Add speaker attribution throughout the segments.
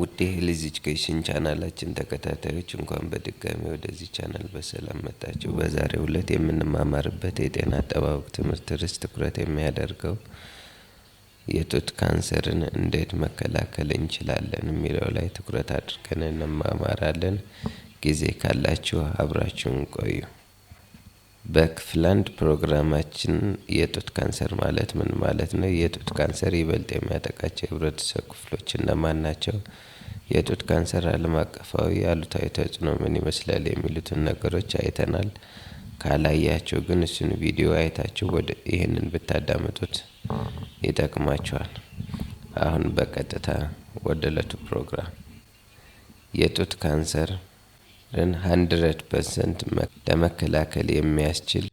Speaker 1: ውድ የሄልዝ ኢጁኬሽን ቻናላችን ተከታታዮች እንኳን በድጋሚ ወደዚህ ቻናል በሰላም መጣችሁ። በዛሬው ዕለት የምንማማርበት የጤና አጠባበቅ ትምህርት ርዕስ ትኩረት የሚያደርገው የጡት ካንሰርን እንዴት መከላከል እንችላለን የሚለው ላይ ትኩረት አድርገን እንማማራለን። ጊዜ ካላችሁ አብራችሁን ቆዩ። በክፍላንድ ፕሮግራማችን የጡት ካንሰር ማለት ምን ማለት ነው? የጡት ካንሰር ይበልጥ የሚያጠቃቸው የህብረተሰብ ክፍሎች እነማን ናቸው? የጡት ካንሰር ዓለም አቀፋዊ አሉታዊ ተጽዕኖ ምን ይመስላል? የሚሉትን ነገሮች አይተናል። ካላያቸው ግን እሱን ቪዲዮ አይታችሁ ወደ ይህንን ብታዳምጡት ይጠቅማችኋል። አሁን በቀጥታ ወደ እለቱ ፕሮግራም የጡት ካንሰር ን ሀንድረድ ለመከላከል የሚያስችል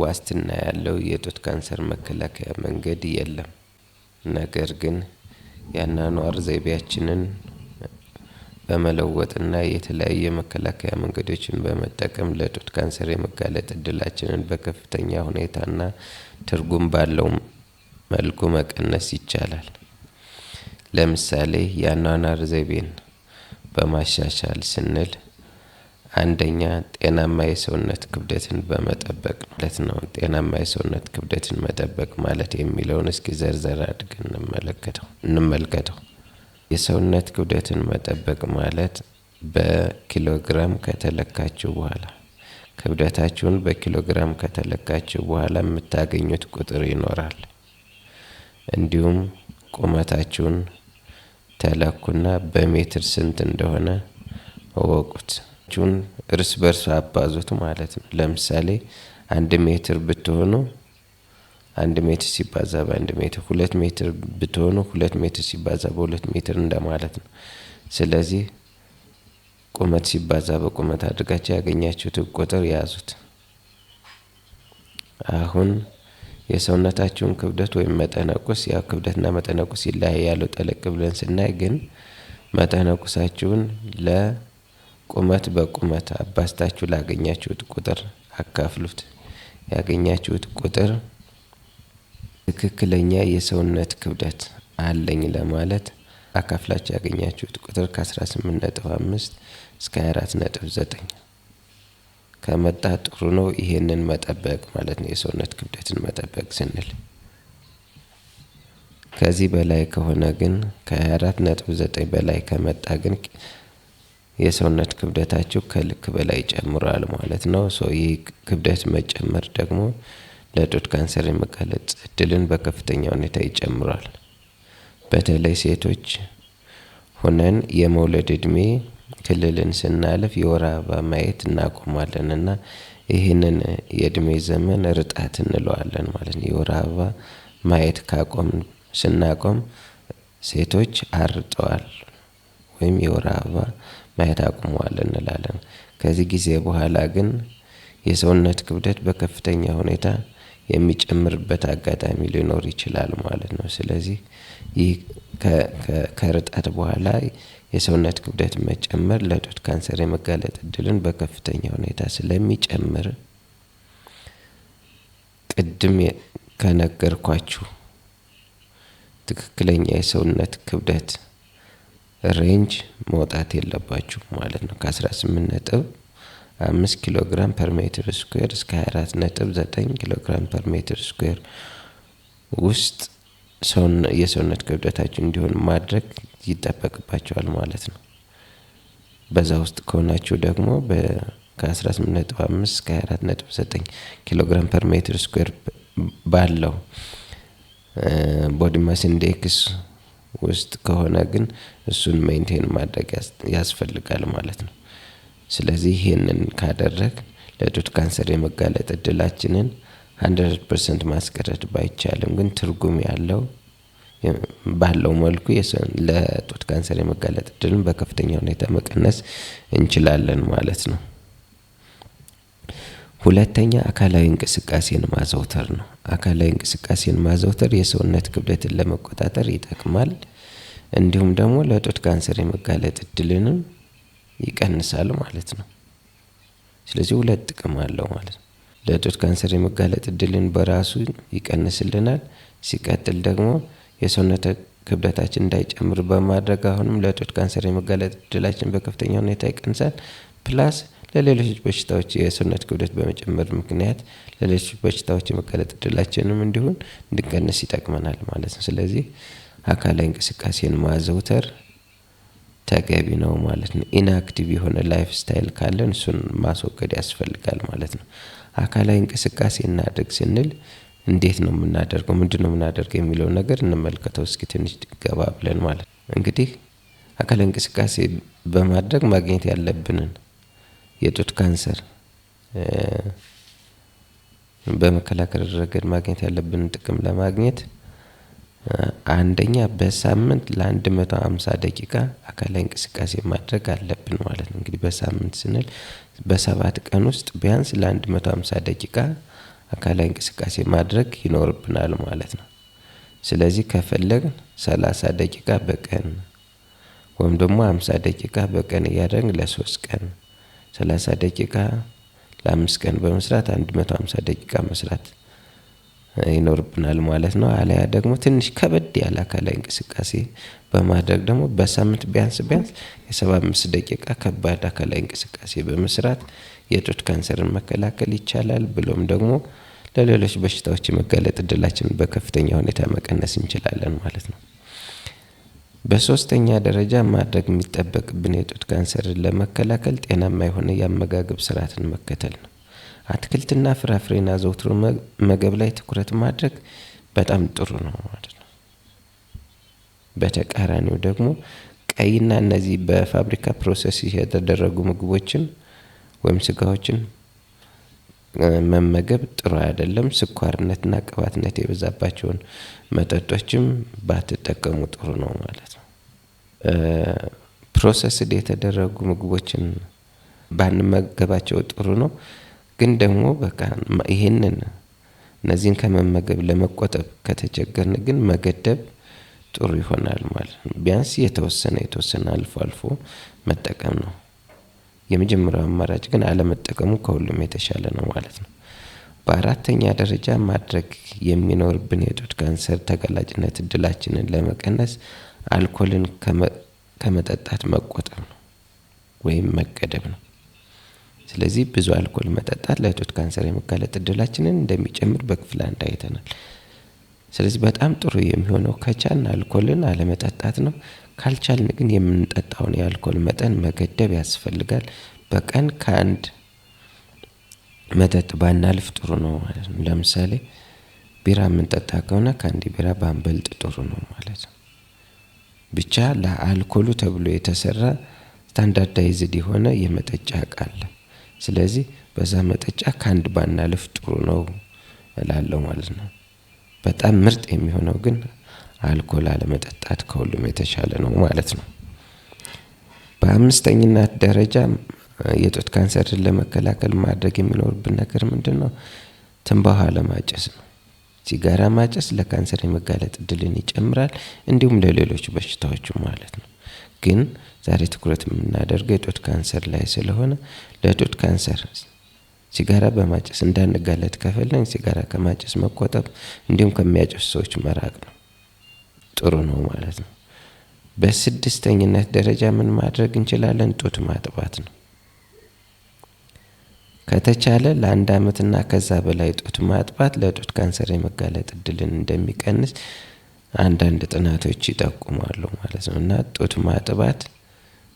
Speaker 1: ዋስትና ያለው የጡት ካንሰር መከላከያ መንገድ የለም። ነገር ግን የአኗኗር ዘይቤያችንን በመለወጥና የተለያዩ የመከላከያ መንገዶችን በመጠቀም ለጡት ካንሰር የመጋለጥ እድላችንን በከፍተኛ ሁኔታና ትርጉም ባለው መልኩ መቀነስ ይቻላል። ለምሳሌ የአኗኗር ዘይቤን በማሻሻል ስንል አንደኛ ጤናማ የሰውነት ክብደትን በመጠበቅ ማለት ነው። ጤናማ የሰውነት ክብደትን መጠበቅ ማለት የሚለውን እስኪ ዘርዘር አድርገን እንመልከተው። የሰውነት ክብደትን መጠበቅ ማለት በኪሎግራም ከተለካችሁ በኋላ ክብደታችሁን በኪሎግራም ከተለካችሁ በኋላ የምታገኙት ቁጥር ይኖራል። እንዲሁም ቁመታችሁን ተለኩና በሜትር ስንት እንደሆነ እወቁት። ቹን እርስ በርሱ አባዙት ማለት ነው። ለምሳሌ አንድ ሜትር ብትሆኑ አንድ ሜትር ሲባዛ በአንድ ሜትር፣ ሁለት ሜትር ብትሆኑ ሁለት ሜትር ሲባዛ በሁለት ሜትር እንደማለት ነው። ስለዚህ ቁመት ሲባዛ በቁመት አድርጋቸው ያገኛችሁትን ቁጥር ያዙት። አሁን የሰውነታችሁን ክብደት ወይም መጠነቁስ ያው ክብደትና መጠነቁስ ይለያያሉ። ጠለቅ ብለን ስናይ ግን መጠነቁሳችሁን ለቁመት በቁመት አባስታችሁ ላገኛችሁት ቁጥር አካፍሉት። ያገኛችሁት ቁጥር ትክክለኛ የሰውነት ክብደት አለኝ ለማለት አካፍላችሁ ያገኛችሁት ቁጥር ከ18.5 እስከ 24.9 ከመጣ ጥሩ ነው። ይሄንን መጠበቅ ማለት ነው፣ የሰውነት ክብደትን መጠበቅ ስንል። ከዚህ በላይ ከሆነ ግን ከ24.9 በላይ ከመጣ ግን የሰውነት ክብደታችሁ ከልክ በላይ ጨምሯል ማለት ነው። ይህ ክብደት መጨመር ደግሞ ለጡት ካንሰር የመጋለጥ እድልን በከፍተኛ ሁኔታ ይጨምራል። በተለይ ሴቶች ሆነን የመውለድ እድሜ ክልልን ስናልፍ የወር አበባ ማየት እናቆማለን እና ይህንን የእድሜ ዘመን ርጣት እንለዋለን ማለት ነው። የወር አበባ ማየት ካቆም ስናቆም ሴቶች አርጠዋል ወይም የወር አበባ ማየት አቁመዋል እንላለን። ከዚህ ጊዜ በኋላ ግን የሰውነት ክብደት በከፍተኛ ሁኔታ የሚጨምርበት አጋጣሚ ሊኖር ይችላል ማለት ነው። ስለዚህ ይህ ከርጣት በኋላ የሰውነት ክብደት መጨመር ለጡት ካንሰር የመጋለጥ እድልን በከፍተኛ ሁኔታ ስለሚጨምር ቅድም ከነገርኳችሁ ትክክለኛ የሰውነት ክብደት ሬንጅ መውጣት የለባችሁ ማለት ነው። ከ18 ነጥብ አምስት ኪሎ ግራም ፐር ሜትር ስኩዌር እስከ 24 ነጥብ 9 ኪሎ ግራም ፐር ሜትር ስኩዌር ውስጥ የሰውነት ክብደታችን እንዲሆን ማድረግ ይጠበቅባቸዋል ማለት ነው። በዛ ውስጥ ከሆናቸው ደግሞ ከ18.5 እስከ 24.9 ኪሎ ግራም ፐር ሜትር ስኩዌር ባለው ቦዲ ማስ ኢንዴክስ ውስጥ ከሆነ ግን እሱን ሜንቴን ማድረግ ያስፈልጋል ማለት ነው። ስለዚህ ይህንን ካደረግ ለጡት ካንሰር የመጋለጥ እድላችንን ሀንድረድ ፐርሰንት ማስቀረት ባይቻልም ግን ትርጉም ያለው ባለው መልኩ ለጡት ካንሰር የመጋለጥ እድልን በከፍተኛ ሁኔታ መቀነስ እንችላለን ማለት ነው። ሁለተኛ አካላዊ እንቅስቃሴን ማዘውተር ነው። አካላዊ እንቅስቃሴን ማዘውተር የሰውነት ክብደትን ለመቆጣጠር ይጠቅማል። እንዲሁም ደግሞ ለጡት ካንሰር የመጋለጥ እድልንም ይቀንሳል ማለት ነው። ስለዚህ ሁለት ጥቅም አለው ማለት ነው። ለጡት ካንሰር የመጋለጥ እድልን በራሱ ይቀንስልናል። ሲቀጥል ደግሞ የሰውነት ክብደታችን እንዳይጨምር በማድረግ አሁንም ለጡት ካንሰር የመጋለጥ እድላችን በከፍተኛ ሁኔታ ይቀንሳል። ፕላስ ለሌሎች በሽታዎች የሰውነት ክብደት በመጨመር ምክንያት ለሌሎች በሽታዎች የመጋለጥ እድላችንም እንዲሁን እንድንቀንስ ይጠቅመናል ማለት ነው። ስለዚህ አካላዊ እንቅስቃሴን ማዘውተር ተገቢ ነው ማለት ነው። ኢንአክቲቭ የሆነ ላይፍ ስታይል ካለን እሱን ማስወገድ ያስፈልጋል ማለት ነው። አካላዊ እንቅስቃሴ እናድርግ ስንል እንዴት ነው የምናደርገው? ምንድን ነው የምናደርገው የሚለውን ነገር እንመልከተው እስኪ ትንሽ ገባ ብለን ማለት ነው። እንግዲህ አካላዊ እንቅስቃሴ በማድረግ ማግኘት ያለብንን የጡት ካንሰር በመከላከል ረገድ ማግኘት ያለብንን ጥቅም ለማግኘት አንደኛ በሳምንት ለአንድ መቶ ሃምሳ ደቂቃ አካላዊ እንቅስቃሴ ማድረግ አለብን ማለት ነው። እንግዲህ በሳምንት ስንል በሰባት ቀን ውስጥ ቢያንስ ለአንድ መቶ ሃምሳ ደቂቃ አካላዊ እንቅስቃሴ ማድረግ ይኖርብናል ማለት ነው። ስለዚህ ከፈለግን ሰላሳ ደቂቃ በቀን ወይም ደግሞ ሃምሳ ደቂቃ በቀን እያደረግን ለሶስት ቀን ሰላሳ ደቂቃ ለአምስት ቀን በመስራት አንድ መቶ ደቂቃ መስራት ይኖርብናል ማለት ነው። አለያ ደግሞ ትንሽ ከበድ ያለ አካላዊ እንቅስቃሴ በማድረግ ደግሞ በሳምንት ቢያንስ ቢያንስ የሰባ አምስት ደቂቃ ከባድ አካላዊ እንቅስቃሴ በመስራት የጡት ካንሰርን መከላከል ይቻላል። ብሎም ደግሞ ለሌሎች በሽታዎች የመጋለጥ እድላችንን በከፍተኛ ሁኔታ መቀነስ እንችላለን ማለት ነው። በሶስተኛ ደረጃ ማድረግ የሚጠበቅብን የጡት ካንሰርን ለመከላከል ጤናማ የሆነ የአመጋገብ ስርዓትን መከተል ነው። አትክልትና ፍራፍሬና ዘውትሮ መገብ ላይ ትኩረት ማድረግ በጣም ጥሩ ነው ማለት ነው። በተቃራኒው ደግሞ ቀይና እነዚህ በፋብሪካ ፕሮሰስ የተደረጉ ምግቦችን ወይም ስጋዎችን መመገብ ጥሩ አይደለም። ስኳርነትና ቅባትነት የበዛባቸውን መጠጦችም ባትጠቀሙ ጥሩ ነው ማለት ነው። ፕሮሰስድ የተደረጉ ምግቦችን ባንመገባቸው ጥሩ ነው። ግን ደግሞ በቃ ይሄንን እነዚህን ከመመገብ ለመቆጠብ ከተቸገርን ግን መገደብ ጥሩ ይሆናል ማለት ነው። ቢያንስ የተወሰነ የተወሰነ አልፎ አልፎ መጠቀም ነው። የመጀመሪያው አማራጭ ግን አለመጠቀሙ ከሁሉም የተሻለ ነው ማለት ነው። በአራተኛ ደረጃ ማድረግ የሚኖርብን የጡት ካንሰር ተጋላጭነት እድላችንን ለመቀነስ አልኮልን ከመጠጣት መቆጠብ ነው ወይም መገደብ ነው። ስለዚህ ብዙ አልኮል መጠጣት ለጡት ካንሰር የመጋለጥ እድላችንን እንደሚጨምር በክፍል አንድ አይተናል። ስለዚህ በጣም ጥሩ የሚሆነው ከቻልን አልኮልን አለመጠጣት ነው። ካልቻልን ግን የምንጠጣውን የአልኮል መጠን መገደብ ያስፈልጋል። በቀን ከአንድ መጠጥ ባናልፍ ጥሩ ነው ማለት ነው። ለምሳሌ ቢራ የምንጠጣ ከሆነ ከአንድ ቢራ ባንበልጥ ጥሩ ነው ማለት ነው። ብቻ ለአልኮሉ ተብሎ የተሰራ ስታንዳርዳይዝድ የሆነ የመጠጫ እቃ አለ። ስለዚህ በዛ መጠጫ ከአንድ ባናልፍ ጥሩ ነው እላለሁ ማለት ነው። በጣም ምርጥ የሚሆነው ግን አልኮል አለመጠጣት ከሁሉም የተሻለ ነው ማለት ነው። በአምስተኝነት ደረጃ የጡት ካንሰርን ለመከላከል ማድረግ የሚኖርብን ነገር ምንድን ነው? ትንባሆ አለማጨስ ነው። ሲጋራ ማጨስ ለካንሰር የመጋለጥ እድልን ይጨምራል፣ እንዲሁም ለሌሎች በሽታዎች ማለት ነው። ግን ዛሬ ትኩረት የምናደርገው የጡት ካንሰር ላይ ስለሆነ ለጡት ካንሰር ሲጋራ በማጨስ እንዳንጋለጥ ከፈለግን ሲጋራ ከማጨስ መቆጠብ እንዲሁም ከሚያጨሱ ሰዎች መራቅ ነው፣ ጥሩ ነው ማለት ነው። በስድስተኝነት ደረጃ ምን ማድረግ እንችላለን? ጡት ማጥባት ነው። ከተቻለ ለአንድ አመትና ከዛ በላይ ጡት ማጥባት ለጡት ካንሰር የመጋለጥ እድልን እንደሚቀንስ አንዳንድ ጥናቶች ይጠቁማሉ ማለት ነው። እና ጡት ማጥባት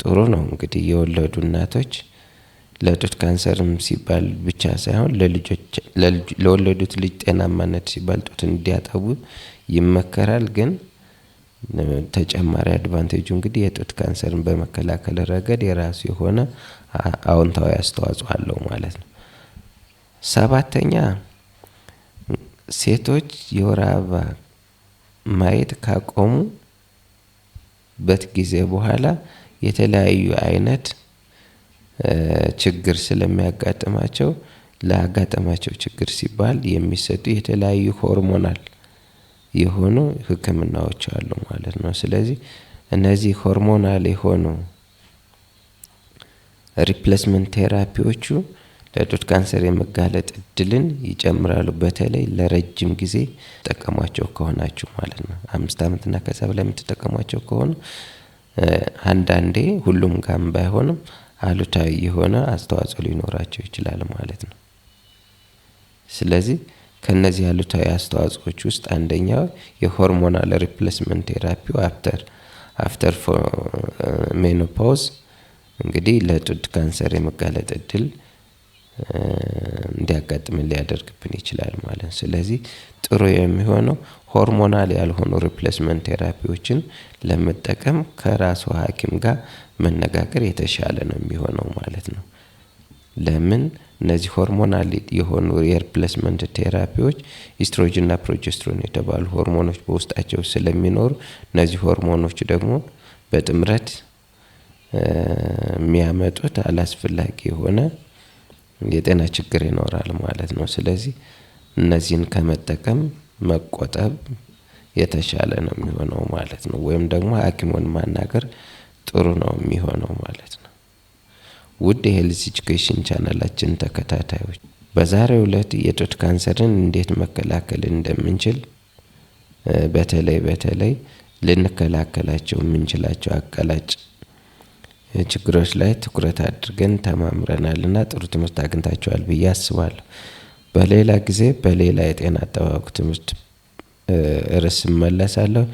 Speaker 1: ጥሩ ነው እንግዲህ የወለዱ እናቶች ለጡት ካንሰርም ሲባል ብቻ ሳይሆን ለወለዱት ልጅ ጤናማነት ሲባል ጡት እንዲያጠቡ ይመከራል። ግን ተጨማሪ አድቫንቴጁ እንግዲህ የጡት ካንሰርን በመከላከል ረገድ የራሱ የሆነ አዎንታዊ አስተዋጽኦ አለው ማለት ነው። ሰባተኛ ሴቶች የወር አበባ ማየት ካቆሙበት ጊዜ በኋላ የተለያዩ አይነት ችግር ስለሚያጋጥማቸው ለአጋጠማቸው ችግር ሲባል የሚሰጡ የተለያዩ ሆርሞናል የሆኑ ህክምናዎች አሉ ማለት ነው። ስለዚህ እነዚህ ሆርሞናል የሆኑ ሪፕሌስመንት ቴራፒዎቹ ለጡት ካንሰር የመጋለጥ እድልን ይጨምራሉ። በተለይ ለረጅም ጊዜ ጠቀሟቸው ከሆናችሁ ማለት ነው። አምስት ዓመትና ከዛ በላይ የምትጠቀሟቸው ከሆኑ አንዳንዴ ሁሉም ጋም ባይሆንም አሉታዊ የሆነ አስተዋጽኦ ሊኖራቸው ይችላል ማለት ነው። ስለዚህ ከነዚህ አሉታዊ አስተዋጽዎች ውስጥ አንደኛው የሆርሞናል ሪፕሌስመንት ቴራፒው አፍተር አፍተር ሜኖፓውዝ እንግዲህ ለጡት ካንሰር የመጋለጥ እድል እንዲያጋጥምን ሊያደርግብን ይችላል ማለት። ስለዚህ ጥሩ የሚሆነው ሆርሞናል ያልሆኑ ሪፕሌስመንት ቴራፒዎችን ለመጠቀም ከራሱ ሐኪም ጋር መነጋገር የተሻለ ነው የሚሆነው ማለት ነው። ለምን እነዚህ ሆርሞናል የሆኑ የሪፕሌስመንት ቴራፒዎች ኢስትሮጅንና ፕሮጀስትሮን የተባሉ ሆርሞኖች በውስጣቸው ስለሚኖሩ እነዚህ ሆርሞኖች ደግሞ በጥምረት የሚያመጡት አላስፈላጊ የሆነ የጤና ችግር ይኖራል ማለት ነው። ስለዚህ እነዚህን ከመጠቀም መቆጠብ የተሻለ ነው የሚሆነው ማለት ነው። ወይም ደግሞ ሐኪሙን ማናገር ጥሩ ነው የሚሆነው ማለት ነው። ውድ የሄልዝ ኤጁኬሽን ቻናላችን ተከታታዮች በዛሬው ዕለት የጡት ካንሰርን እንዴት መከላከል እንደምንችል በተለይ በተለይ ልንከላከላቸው የምንችላቸው አቀላጭ ችግሮች ላይ ትኩረት አድርገን ተማምረናልና ጥሩ ትምህርት አግኝታችኋል ብዬ አስባለሁ። በሌላ ጊዜ በሌላ የጤና አጠባበቅ ትምህርት ርዕስ እመለሳለሁ።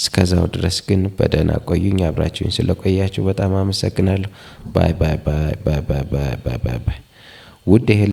Speaker 1: እስከዛው ድረስ ግን በደህና ቆዩኝ። አብራችሁኝ ስለቆያችሁ በጣም አመሰግናለሁ። ባይ ባይ ባይ ባይ ባይ ባይ ባይ ባይ ባይ ውድ